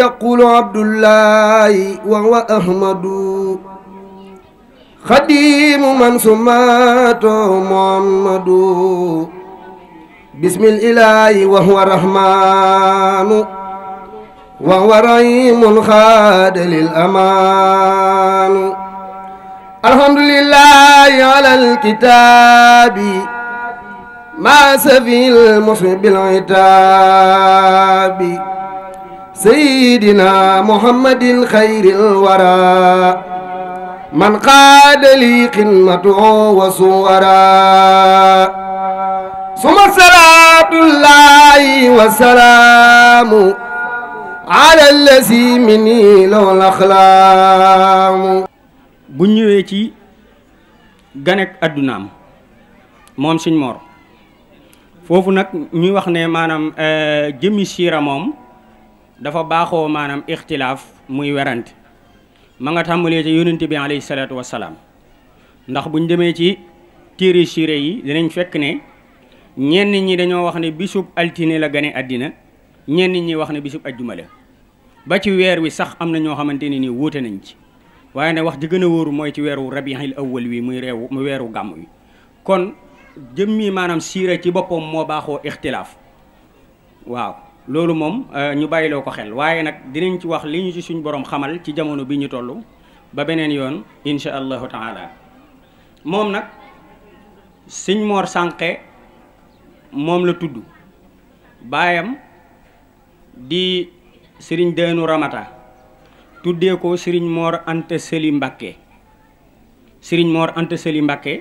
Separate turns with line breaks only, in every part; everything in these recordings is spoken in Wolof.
يقول عبد الله وهو أحمد خديم من سماته محمد بسم الإله وهو الرحمن وهو رحيم خاد للأمان الحمد لله على الكتاب ما سفي المصحب العتاب سيدنا محمد خير الورى من قاد لي قمته وصورا ثم
صلاة
الله
وسلام على الذي مني له الأخلام bu ñëwee ci ganek addunaam moom Sëñ Mor foofu nag ñuy wax ne maanaam eh, jëmi siira moom dafa baaxoo maanaam ixtilaaf muy werante ma nga tàmbalee ci yonent bi alayhi salaatu wasalaam ndax buñ demee ci téere siire yi danañ fekk ne ñenn ñi dañoo wax ne bisub altine la gane àddina ñenn ñi wax ne bisub ajjuma ba ci weer wi sax am na ñoo xamante ni nii wuute nañ ci waaye ne wax ji gën a wóoru mooy ci weeru rabiixil awwal wi muy reewu mu weeru gàmm wi kon jëmmi maanaam siira ci boppam moo baaxoo ixtilaaf waaw loolu moom euh, ñu bàyyiloo ko xel waaye nag dinañ ci wax li ñu ci suñ borom xamal ci jamono bi ñu tollu ba beneen yoon incha allahu taala moom nag sëñ Mor Sànqe moom la tudd baayam di sëriñ Deenu Ramata tuddee ko sëriñ moor Anta Sëli Mbàkke sëriñ Mor Anta Sëli Mbàkke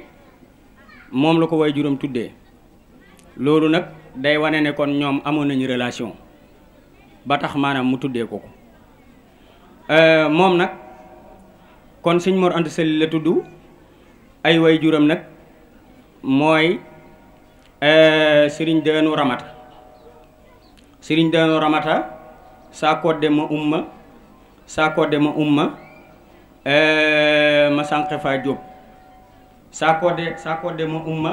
moom la ko way juróom tuddee loolu nag day wane ne kon ñoom amoon nañu relation ba tax maanaam mu tuddee ko ko euh, moom nag kon sëñ Mor Anta Sali la tudd ay way juram nag mooy euh, sëriñ deenu ramata sëriñ deenu ramata saa kodde ma umma saa kodde ma umma euh, ma sànqe fa jóob saa kodde saa kodde ma umma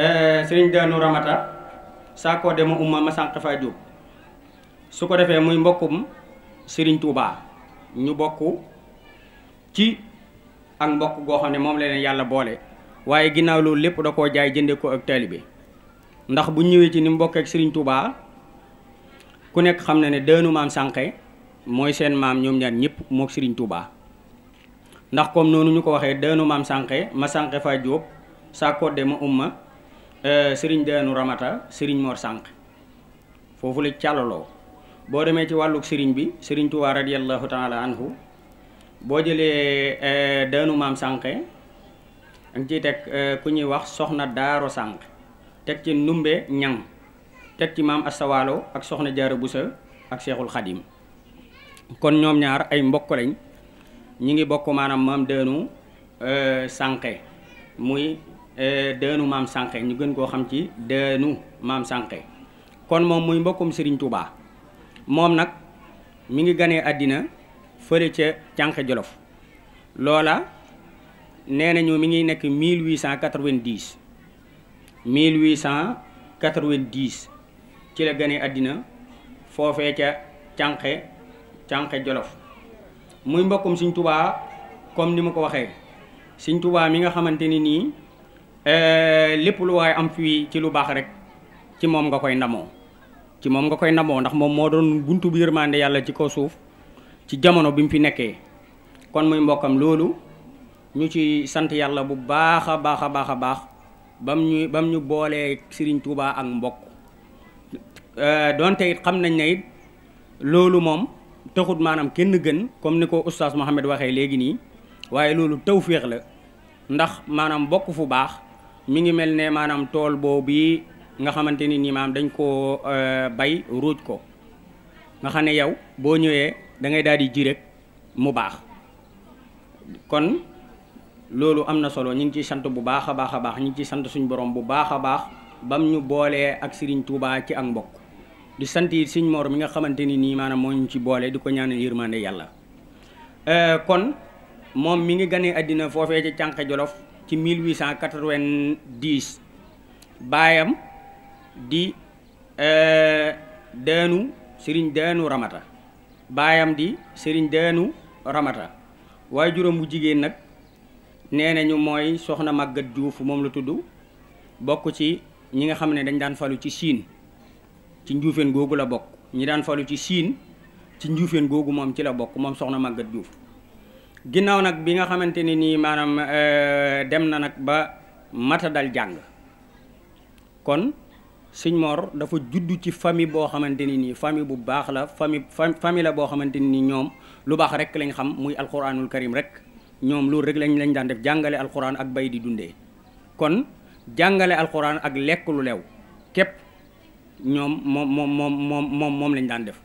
Eh, sëriñ daanu ramata saakoo dema umma ma sànq fa jóg su ko defee muy mbokkum sëriñ Touba ñu bokk ci ak mbokk goo xam ne moom la leen yàlla boole waaye ginnaaw loolu lépp da koo jaay jënde ko ak taalibe ndax bu ñëwee ci ni mbokk ak sëriñ ku nekk xam na ne daanu maam sànqe mooy seen maam ñoom ñaar ñëpp mook sëriñ Touba ndax comme noonu ñu ko waxee daanu maam sànqe ma sànqe fa jóg saakoo dema umma Euh, sëriñ deenu ramata sëriñ Mor Sànq foofu la càllaloo boo demee ci wàlluk sëriñ bi sëriñ Tuubaa radiyallahu taala anhu boo jëlee euh, deenu maam sànqe danga ciy teg euh, ku ñuy wax soxna daaro sànq teg ci ndumbe ñaŋ teg ci maam astawaalo ak soxna jaara busa ak seexul xadim kon ñoom ñaar ay mbokk lañ ñi ngi bokk maanam maam deenu sànqe muy Eh, deenu maam Sànqe ñu gën koo xam ci deenu maam Sànqe kon moom muy mbokkum Serigne Touba moom nag mi ngi ganee àddina fële ca Cànqe Jolof loola nee nañu mi ngi nekk 1890 1890 ci la ganee àddina foofee ca Cànqe Cànqe Jolof muy mbokkum Serigne Touba comme ni ma ko waxee Serigne Touba mi nga xamante ni nii Euh, lépp lu waaye am fii ci lu baax rek ci moom nga koy ndamoo ci moom nga koy ndamoo ndax moom moo doon buntu bu yërmande yàlla ci kaw suuf ci jamono bi mu fi nekkee kon muy mbokkam loolu ñu ci sant yàlla bu baax a baax a baax a baax bam ñu bam ñu boolee Serigne Touba ak mbokk euh, doonte it xam nañ na it loolu moom taxut maanaam kenn gën comme ni ko oustaz Mohamed waxee léegi nii waaye loolu féex la ndax maanaam bokk fu baax mi ngi mel ne maanaam tool boobu nga xamante ni nii maam dañ koo euh, bay ruuj ko nga xam ne yow boo ñëwee da ngay daal di ji rek mu baax kon loolu am na solo ñu ngi ciy sant bu baax a baax a baax ñu ngi ciy sant suñu borom bu baax a baax bam ñu boolee ak Serigne Touba ci ak mbokk di sant yi Serigne Mor mi nga xamante ni nii maanaam moo ñu ci boole di ko ñaanal yërmande yàlla euh, kon moom mi ngi ganee àddina foofee ci cànq jolof ci 1890 baayam di euh, deenu sëriñ deenu ramata baayam di sëriñ deenu ramata waaye juróom bu jigéen nag nee nañu mooy soxna màggat juuf moom la tudd bokk ci ñi nga xam ne dañ daan falu ci siin ci njuufeen googu la bokk ñi daan falu ci siin ci njuufeen googu moom ci la bokk moom soxna màggat juuf ginnaaw nag bi nga xamante ne nii maanaam euh, dem na nag ba mata dal jàng kon Sëñ Mor dafa judd ci famille boo xamante ni nii famille bu baax la famille famille la boo xamante ni nii ñoom lu baax rek lañ xam muy alquranul karim rek ñoom loolu rek lañ lañ daan def jàngale alquran ak bay di dundee kon jàngale alquran ak lekk lu lew képp ñoom moom moom moom moom moom lañ daan def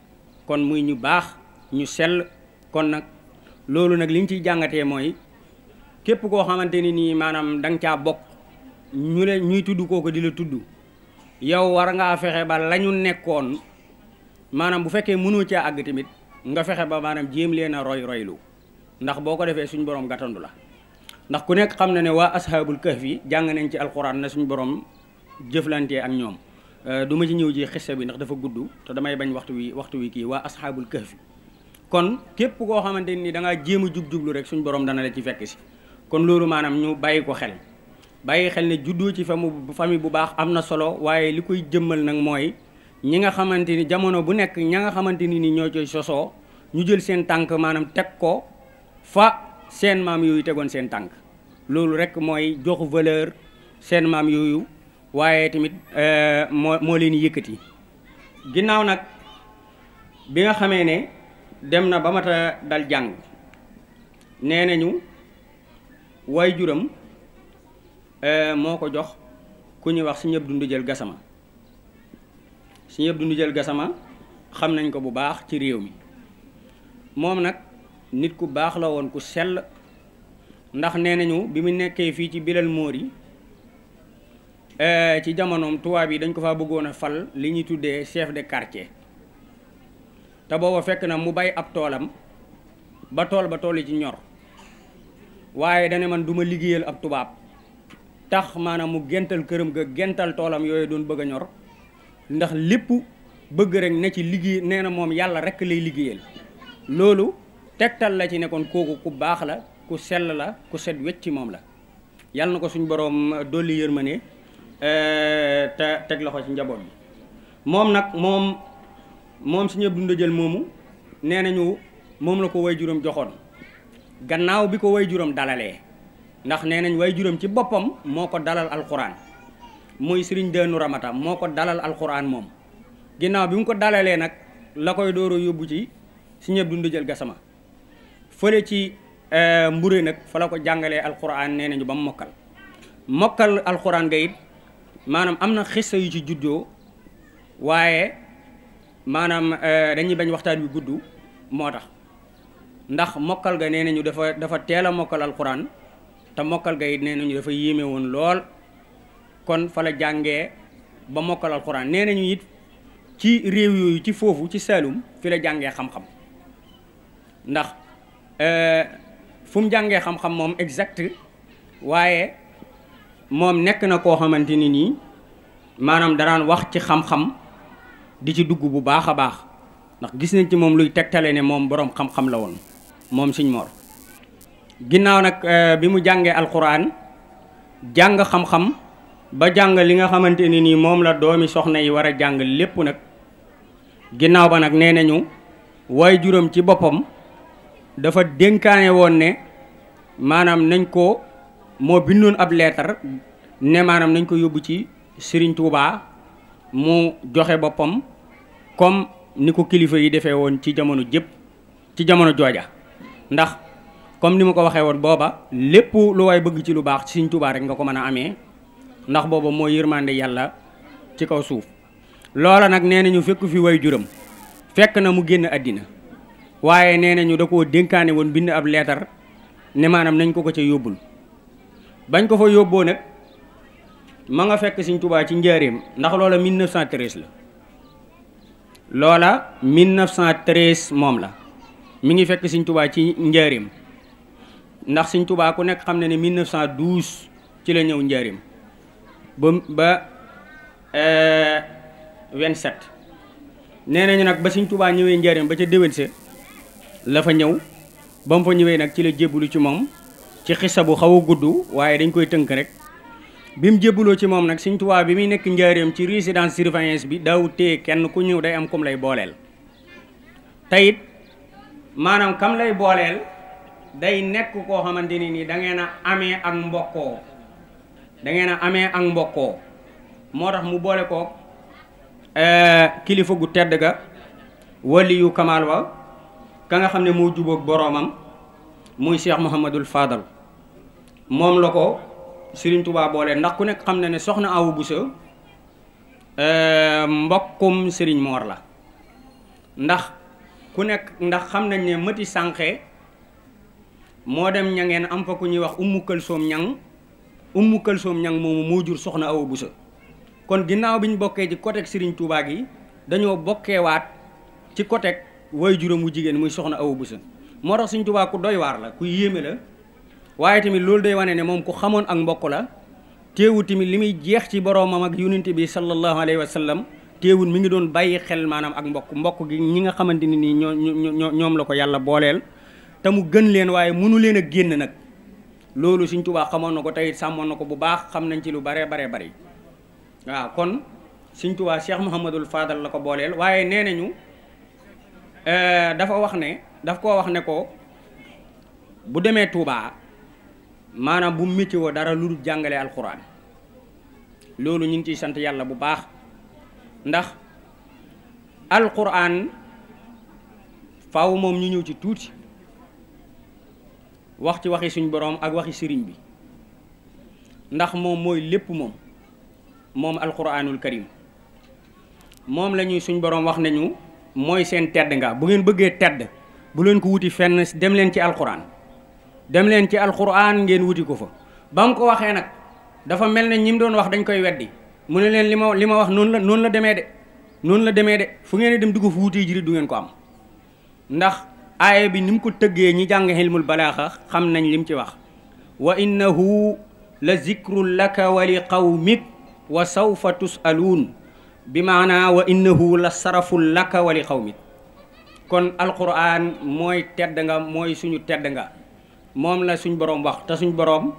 kon muy ñu baax ñu sell kon nag. loolu nag li ñu ciy jàngatee mooy képp koo xamante ni nii maanaam da nga caa bokk ñu leen ñuy tudd kooku di la tudd yow war ngaa fexe ba lañu nekkoon maanaam bu fekkee mënoo caa àgg tamit nga fexe ba maanaam jéem leen a roy roylu ndax boo ko defee suñu borom gàttandu la ndax ku nekk xam na ne waa ashaabul kahfi jàng nañ ci alxuraan na suñu borom jëflantee ak ñoom euh, du ma ci ñëw ji xissa bi ndax dafa gudd te damay bañ waxtu wi waxtu wi kii waa ashaabul kahfi kon képp koo xamante ni da ngaa jéem a jub-jublu rek suñ borom dana la ci fekk si kon loolu maanaam ñu bàyyi ko xel bàyyi xel ne juddoo ci famu famille bu baax am na solo waaye li koy jëmmal nag mooy ñi nga xamante ni jamono bu nekk ña nga xamante ni ni ñoo coy sosoo ñu jël seen tànk maanaam teg ko fa seen maam yooyu tegoon seen tànk loolu rek mooy joxu valeur seen maam yooyu waaye tamit euh, moo moo leen yëkkati ginnaaw nag bi nga xamee ne dem na ba mat dal jàng nee nañu waay juram eh, moo ko jox ku ñuy wax Sëñ Abdu Ndujël Gasama Sëñ Abdu Ndujël Gasama xam nañ ko bu baax ci réew mi moom nag nit ku baax la woon ku sell ndax nee nañu bi mu nekkee fii ci Bilal Mori eh, ci jamonoom tuwaab yi dañ ko fa bëggoon a fal li ñuy tuddee chef de quartier te booba fekk na mu bay ab toolam ba tool ba tool yi ci ñor waaye dane man duma liggéeyal ab tubaab tax maanaam mu gental këram ga gental toolam yooyu doon bëgg a ñor ndax lépp bëgg rek ne ci liggéey nee na moom yàlla rekk lay liggéeyal loolu tegtal la ci nekkoon kooku ku baax la ku sell la ku set wecc ci moom la yàlla na ko suñ boroom dolli yërmane eh, te teg loxo ci njaboot bi moom nag moom moom Sëriñ dund jël moomu nee nañu moom la ko way juróom joxoon gannaaw bi ko way juróom dalalee ndax nee nañ way juróom ci boppam moo ko dalal alxuraan muy sëriñ Deenu Ramata moo ko dalal alxuraan moom ginnaaw bi mu ko dalalee nag la koy dooro yóbbu ci Sëriñ Abdou Ndajël Gassama fële ci eh, mbure nag fa la ko jàngalee alxuraan nee nañu ba mu mokkal mokkal alxuraan ga maanaam am na xissa yu ci juddoo waaye maanaam euh, dañuy bañ waxtaan wi gudd moo tax ndax mokkal ga nee nañu dafa dafa teel a mokkal alxuraan te mokkal ga it nee nañu dafa yéeme woon lool kon fa la jàngee ba mokkal alxuraan nee nañu it ci réew yooyu ci foofu ci Saalum fi la jàngee xam-xam ndax euh, fu mu jàngee xam-xam moom exact waaye moom nekk na koo xamante ni nii maanaam danaan wax ci xam-xam. di ci dugg bu baax a baax ndax gis nañ ci moom luy tegtale ne moom boroom xam-xam la woon moom sëñ Mor ginnaaw nag euh, bi mu jàngee alxuraan jàng xam-xam ba jàng li nga xamante ne nii moom la doomi soxna yi war a jàng lépp nag ginnaaw ba nag nee nañu waaye juróom ci boppam dafa dénkaane woon ne maanaam nañ ko moo bindoon ab leetar ne maanaam nañ ko yóbbu ci Serigne Touba. mu joxe boppam comme ni ko kilifa yi defee woon ci jamono jëpp ci jamono jooja ndax comme ni ma ko waxee woon booba lépp lu waay bëgg ci lu baax ci Sëriñ Tuubaa rek nga ko mën a amee ndax booba moo yërmande yàlla ci kaw suuf loola nag nee nañu fekk fi way juram fekk na mu génn àddina waaye nee nañu da koo dénkaane woon bind ab leetar nemaanam nañ ko ko ca yóbbul bañ ko fa yóbboo nag ma nga fekk Sëñ Tuubaa ci njaareem ndax loola 1913 la loola 1913 moom la mi ngi fekk Sëñ Tuubaa ci njaareem ndax Sëñ Tuubaa ku nekk xam na ne 1912 ci la ñëw njaareem ba ba 27 eh, nee nañu nag ba Sëñ Tuubaa ñëwee njaareem ba ca déwén sa la fa ñëw ba mu fa ñëwee nag ci la jébbalu ci moom ci xisa bu xaw a gudd waaye dañ koy tënk rek bi mu jébbaloo ci moom nag Sëñ Tuubaa bi muy nekk njaareem ci résidence surveillance bi daaw téye kenn ku ñëw day am kum lay booleel tayit maanaam kam lay booleel day nekk koo xamante ni nii dangeen a amee ak mbokkoo da ngeen a amee ak mbokkoo moo tax mu boole koo eh, kilifa gu tedd ga waliyu kamaal wa ka nga xam ne moo jubook boroomam muy Cheikh Mouhamadul faadal moom la ko Serigne tubaa boole ndax ku nekk xam na ne soxna Awa Bousso euh, mbokkum Serigne moor la ndax ku nekk ndax xam nañ ne Mati Sànqe moo dem ñangeen am fa ku ñuy wax ummu këlsoom ñang ummu këlsoom ñang moomu moo jur soxna Awa Bousso kon ginnaaw bi ñu bokkee ci côté Serigne Touba gi dañoo bokkeewaat ci côté way juróom wu jigéen muy soxna Awa Bousso moo tax Serigne Touba ku doy waar la ku yéeme la waaye tamit loolu day wane ne moom ku xamoon ak mbokk la teewu tamit li muy jeex ci boroomam ak yonent bi sallallahu alayhi wa sallam teewul mi ngi doon bàyyi xel maanaam ak mbokk mbokk gi ñi nga xamante ne nii ñoo ñoo ñoom la ko yàlla booleel te mu gën leen waaye mënu leen a génn nag loolu Sëriñ Tuubaa xamoon na ko tey sàmmoon na ko bu baax xam nañ ci lu bare bare bari waaw kon Sëriñ Tuubaa Cheikh Mouhamadul Fadal la ko booleel waaye nee nañu eh, dafa wax ne daf koo wax ne ko bu demee Tuubaa maanaam bu météo dara lu dul jàngale alxuraan loolu ñu ngi ciy sant yàlla bu baax ndax alxuraan faw moom ñu ñëw ci tuuti wax ci waxi suñ boroom ak waxi sëriñ bi ndax moom mooy lépp moom moom alxuraanul karim moom la ñuy suñ boroom wax nañu mooy seen tedd nga bu ngeen bëggee tedd bu leen ko wuti fenn dem leen ci alxuraan dem leen ci alquran ngeen wuti ko fa ba mu ko waxee nag dafa mel ne ñi mu doon wax dañ koy weddi mu ne leen li ma li ma wax noonu la noonu la demee de noonu la demee de fu ngeen dem di ko fu wutee jiri du ngeen ko am ndax aaya bi ni mu ko tëggee ñi jàng xilmul balaaxa xam nañ mu ci wax wa innahu la zikrun laka wa li qawmik wa sawfa tusaluun bi maanaa wa innahu la sarafun laka wa li kon alquran mooy tedd nga mooy suñu tedd nga moom la suñ boroom wax te suñ boroom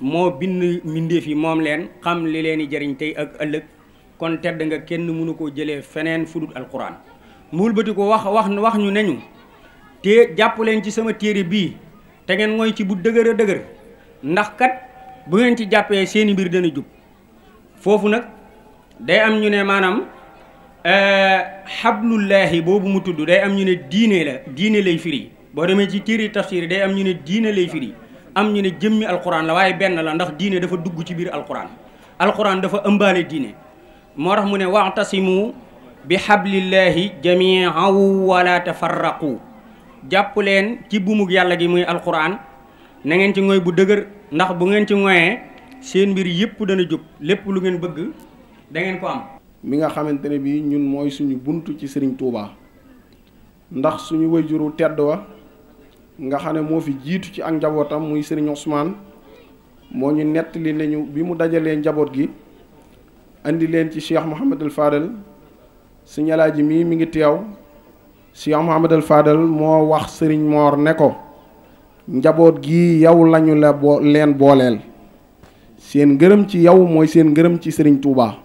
moo bind mbindéef yi moom leen xam li leen di jariñ tey ak ëllëg kon tedd nga kenn mënu koo jëlee feneen fu dul alquran mu wëlbati ko wax wax wax ñu ne ñu te jàpp leen ci sama téere bii te ngeen mooy ci bu dëgër a dëgër ndax kat bu ngeen ci jàppee seeni mbir dana jub foofu nag day am ñu ne maanaam eh, xablullaahi boobu mu tudd day am ñu ne diine la diine lay firi boo demee ci téere tafsir day am ñu ne diine lay firi am ñu ne jëmmi alquran la waaye benn la ndax diine dafa dugg ci biir alquran alxuraan dafa ëmbaale diine moo tax mu ne waxtasi mu bi xablillahi jamian wala tafarraqu jàpp leen ci buumug yàlla gi muy alxuraan na ngeen ci ngoy bu dëgër ndax bu ngeen ci ngoyee seen mbir yëpp dana jub lépp lu ngeen bëgg da ngeen ko am
mi nga xamante ne bii ñun mooy suñu bunt ci sëriñ Touba ndax suñu wayjuru tedd wa nga xam ne moo fi jiitu ci ak njabootam muy sëriñ Ousmane moo ñu nettali nañu bi mu dajalee njaboot gi indi leen ci cheikh Mouhamadul Fadal sëñ Alaaji mii mi ngi teew cheikh Mouhamadul Fadal moo wax sëriñ Moor ne ko njaboot gi yow lañu la boo leen booleel seen ngërëm ci yow mooy seen ngërëm ci sëriñ Touba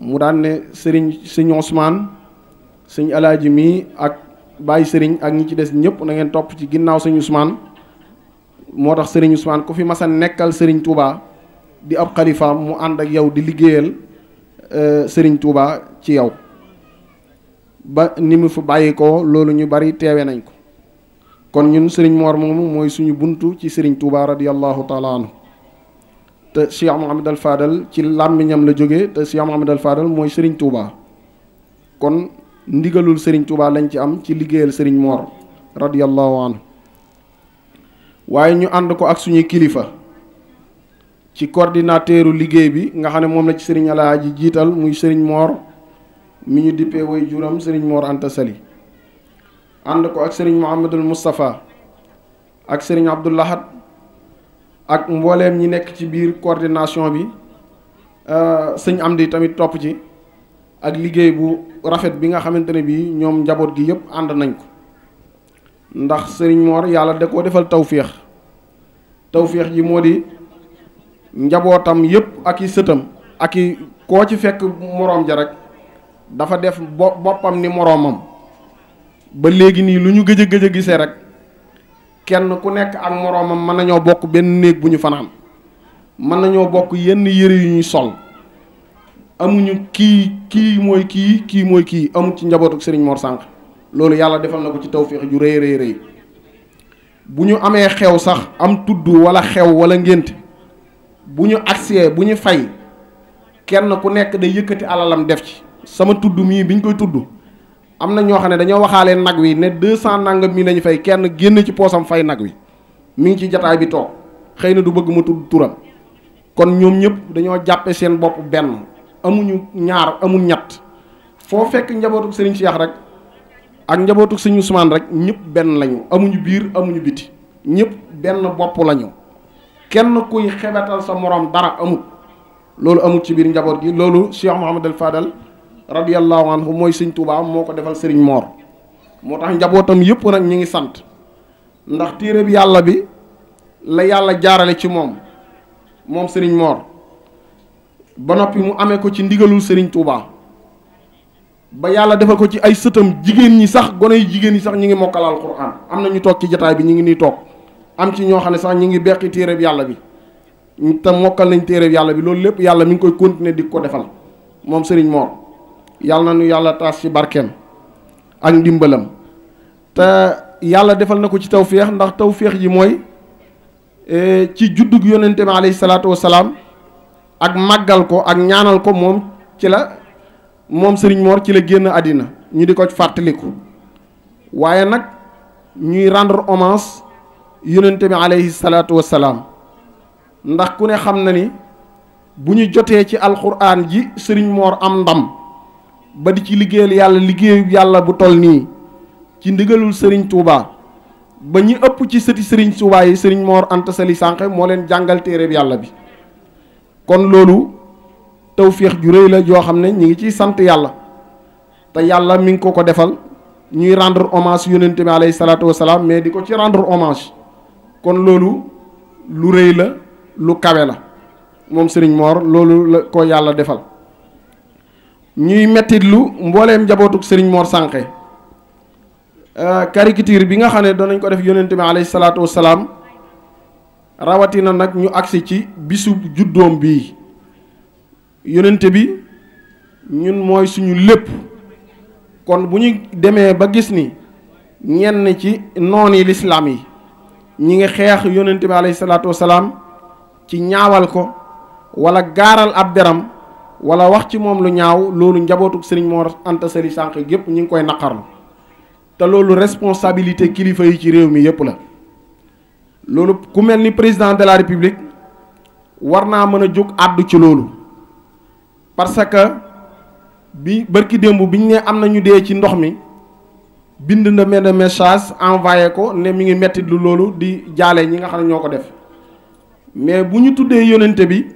mu daan ne sëriñ sëñ Ousmane sëñ Alaaji mii ak. bàyyi sëriñ ak ñi ci des ñëpp na ngeen topp ci ginnaaw sëñ Ousmane moo tax sëriñ Ousmane ku fi mas nekkal sëriñ Touba di ab xalifaam mu ànd ak yow di liggéeyal euh, sëriñ Touba ci yow ba ni mu fa bàyyi ko loolu ñu bari teewe nañ ko kon ñun sëriñ Mor moom mooy suñu bunt ci sëriñ Touba radiyallahu taala anhu te Cheikh Mohamed Al Fadal ci làmbiñam la jóge te Cheikh Mohamed Al Fadal mooy sëriñ Touba kon ndigalul sëriñ Touba lañu ci am ci liggéeyal sëriñ Mor radiyallahu anhu waaye ñu ànd ko ak suñuy kilifa ci coordinateuru liggéey bi nga xam ne moom la ci sëriñ Alaaji jiital muy sëriñ Mor mi ñu dippee way juram sëriñ Mor Anta ànd ko ak sëriñ Mouhamadul Moustapha ak sëriñ Abdou Lahad ak mbooleem ñi nekk ci biir coordination bi euh, sëñ Amdi tamit topp ci ak liggéey bu rafet bi nga xamante ne bii ñoom njaboot gi yëpp ànd nañ ko ndax sëriñ Mor yàlla da koo defal tawféex tawféex ji moo di njabootam yëpp ak i sëtam ak i koo ci fekk moroom ja rek dafa def boppam ni moroomam ba léegi nii lu ñu gëj a gëj a gisee rek kenn ku nekk ak moroomam mën nañoo bokk benn néeg bu ñu fanaan mën nañoo bokk yenn yére yu ñuy sol. amuñu kii kii mooy kii kii mooy kii amu ci njabootu Serigne Mor Sànq loolu yàlla defal na ko ci tawféex ju rëy rëy rëy bu ñu amee xew sax am tudd wala xew wala ngénte bu ñu agsee bu ñu fay kenn ku nekk day yëkkati alalam def ci sama tudd mii bi ñu koy tudd am na ñoo xam ne dañoo waxaale nag wi ne deux cent nangam mii lañu fay kenn génn ci poosam fay nag wi mi ngi ci jataay bi toog xëy na du bëgg ma tudd turam kon ñoom ñëpp dañoo jàppe seen bopp benn amuñu ñaar amul ñett foo fekk njabootuk sëriñ Cheikh rek ak njabootuk sëriñ Ousmane rek ñëpp benn lañu amuñu biir amuñu biti ñëpp benn bopp lañu kenn kuy xebetal sa moroom dara amut loolu amut ci biir njaboot gi loolu Cheikh Mouhamad al Fadal radiyallahu anhu mooy sëñ Touba moo ko defal sëriñ Mor moo tax njabootam yëpp nag ñu ngi sant ndax téere bi yàlla bi la yàlla jaarale ci moom moom sëriñ moor ba noppi mu amee ko ci ndigalul Serigne Touba ba yàlla defal ko ci ay sëtam jigéen ñi sax gone yu jigéen ñi sax ñu ngi mokkal alxuraan am na ñu toog ci jataay bi ñu ngi nii toog am ci ñoo xam ne sax ñu ngi beqi téereb yàlla bi te mokkal nañ téereb yàlla bi loolu lépp yàlla mu ngi koy continuer di ko defal moom sëriñ Mor yàlla na nu yàlla taas ci barkeem ak ndimbalam te yàlla defal na ko ci taw feex ndax taw tawféex ji mooy eh, ci juddug yonente bi alayhi salaatu salaam ak màggal ko ak ñaanal ko moom ci la moom sëriñ Mor ci la génn àddina ñu di ko fàttaliku waaye nag ñuy rendre hommage yonente bi aleyhi ndax ku ne xam na ni bu ñu jotee ci alxuraan ji sëriñ Mor am ndam ba di ci liggéeyal yàlla liggéeyu yàlla bu toll nii ci ndigalul sëriñ tuubaa ba ñu ëpp ci sëti sëriñ Touba yi sëriñ moor Anta Sali Sànq moo leen jàngal téereb yàlla bi kon loolu tawféex ju rëy la joo xam ne ñi ngi ciy sant yàlla te yàlla mi ngi ko ko defal ñuy rendre hommage yonent bi alayhi salaatu wasalaam mais di ko ci rendre hommage kon loolu lu rëy la lu kawe la moom sëriñ moor loolu la ko yàlla defal ñuy mettit lu mbooleem njabootug sëriñ Mor Sànqe euh, caricature bi nga xam ne doon nañ ko def yonent bi alayhi salaatu wasalaam rawatina nag ñu agsi ci bisu juddoom bii yonente bi ñun mooy suñu lépp kon bu ñu demee ba gis ni ñenn ci nooni lislaam yi ñi ngi xeex yonente bi alayhi salaatu wasalaam ci ñaawal ko wala gaaral ab deram walla wax ci moom lu ñaaw loolu njabootuk sëriñ Mor Anta Sali sànq gépp ñu ngi koy naqarlu te loolu responsabilité kilifa yi ci réew mi yépp la loolu ku mel ni président de la république war naa mën a jóg àddu ci loolu parce que bi bërki démb bi ñu ne am na ñu dee ci ndox mi bind na benn message envoyé ko ne mi ngi metti lu loolu di jaale ñi nga xam ne ñoo ko def mais bu ñu tuddee yonente bi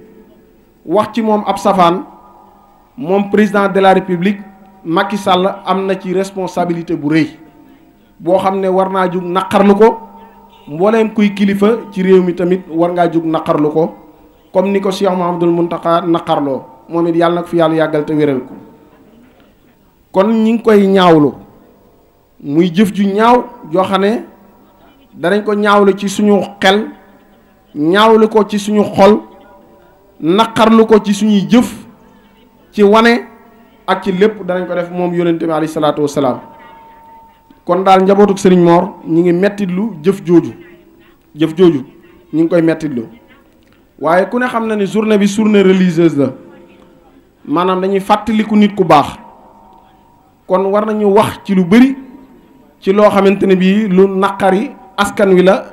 wax ci moom ab safaan moom président de la république Macky Sall am na ci responsabilité bu rëy boo xam ne war naa jóg naqarlu ko mbooleem kuy kilifa ci réew mi tamit war ngaa jóg naqarlu ko comme ni ko Cheikh Mouhamadoul Mountakha naqarloo moom it yàlla na ko fi yàlla yàggalte te wéral ko kon ñi ngi koy ñaawlu muy jëf ju ñaaw joo ne danañ ko ñaawlu ci suñu xel ñaawlu ko ci suñu xol naqarlu ko ci suñuy jëf ci wane ak ci lépp danañ ko def moom yonente bi alayhi salaatu wasalaam kon daal njabootuk sëriñ Mor ñi ngi mettitlu jëf jooju jëf jooju ñi ngi koy mettitlu waaye ku ne xam na ni journée bi journée religieuse la maanaam dañuy fàttaliku nit ku baax kon war nañu wax ci lu bari ci loo xamante ne bii lu naqari askan wi la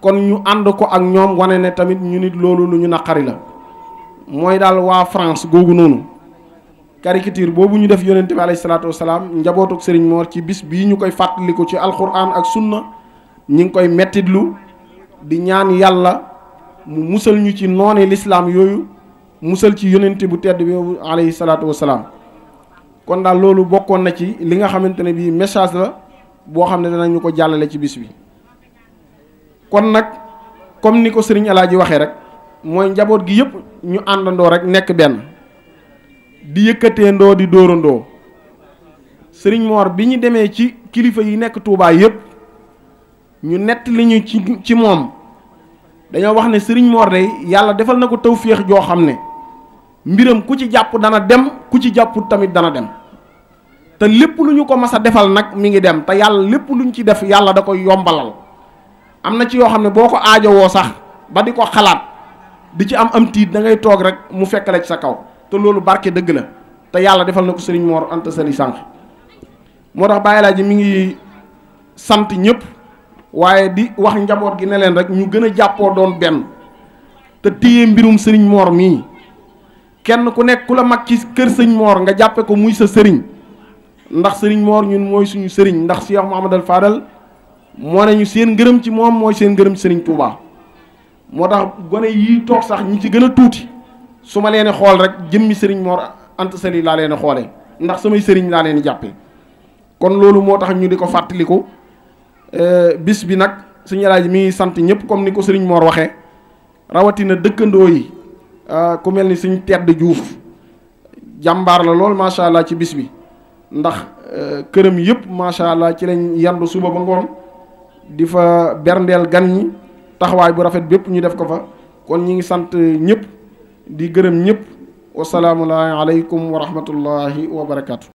kon ñu ànd ko ak ñoom wane ne tamit ñu nit loolu lu ñu naqari la mooy daal waa France googu noonu caricature boobu ñu def yonente bi alayhi salaatu wasalaam njabootuk sëriñ Mor ci bis bii ñu koy fàttaliku ci alquran ak sunna ñi ngi koy mettitlu di ñaan yàlla mu musal ñu ci noone lislaam yooyu musal ci yonente bu tedd bi alayhi salaatu wasalaam kon daal loolu bokkoon na ci li nga xamante ne bii message la boo xam ne danañu ko jàllale ci bis bi kon nag comme ni ko sëriñ Alaaji waxee rek mooy njaboot gi yëpp ñu àndandoo rek nekk benn di yëkkatee ndoo di dóorandoo sëriñ Mor bi ñu demee ci kilifa yi nekk tuubaay yépp ñu nett li ñu ci ci moom dañoo wax ne sëriñ Mor day yàlla defal na ko tawféex joo xam ne mbiram ku ci jàpp dana dem ku ci jàpput tamit dana dem te lépp lu ñu ko mas a defal nag mu ngi dem te yàlla lépp lu ñu ci def yàlla da koy yombalal am na ci yoo xam ne boo ko aajowoo sax ba di ko xalaat di ci am am tiit da ngay toog rek mu fekk la sa kaw te loolu barke dëgg na te yàlla defal na ko sëriñ moor Anta Sali sànq moo tax Baye Laaji mi ngi sant ñëpp waaye di wax njaboot gi ne leen rek ñu gën a jàppoo doon benn te téye mbirum sëriñ Mor mii kenn ku nekk ku la mag ci kër sëñ moor nga jàppe ko muy sa sëriñ ndax sëriñ Mor ñun mooy suñu sëriñ ndax Cheikh Mouhamadal Fadal moo ne ñu seen ngërëm ci moom mooy seen ngërëm ci sëriñ Touba moo tax gone yi toog sax ñi ci gën a tuuti. su ma leen xool rek jëmmi sëriñ Mor Anta seli laa leen xoolee ndax samay sëriñ laa leen jàppee kon loolu moo tax ñu di ko fàttaliku eh, bis bi nag suñu laaj mi ngi sant ñëpp comme ni ko sëriñ Mor waxee rawatina dëkkandoo yi ah, ku mel ni suñ tedd juuf jàmbaar la lool macha allah ci bis bi ndax eh, këram yëpp macha allah ci lañ yandu suba ba ngoon di fa berndeel gan ñi taxawaay bu rafet bépp ñu def ko fa kon ñu ngi sant ñëpp. di gërëm ñëpp wasalaamu aleykum wa rahmatullahi wa barakaatu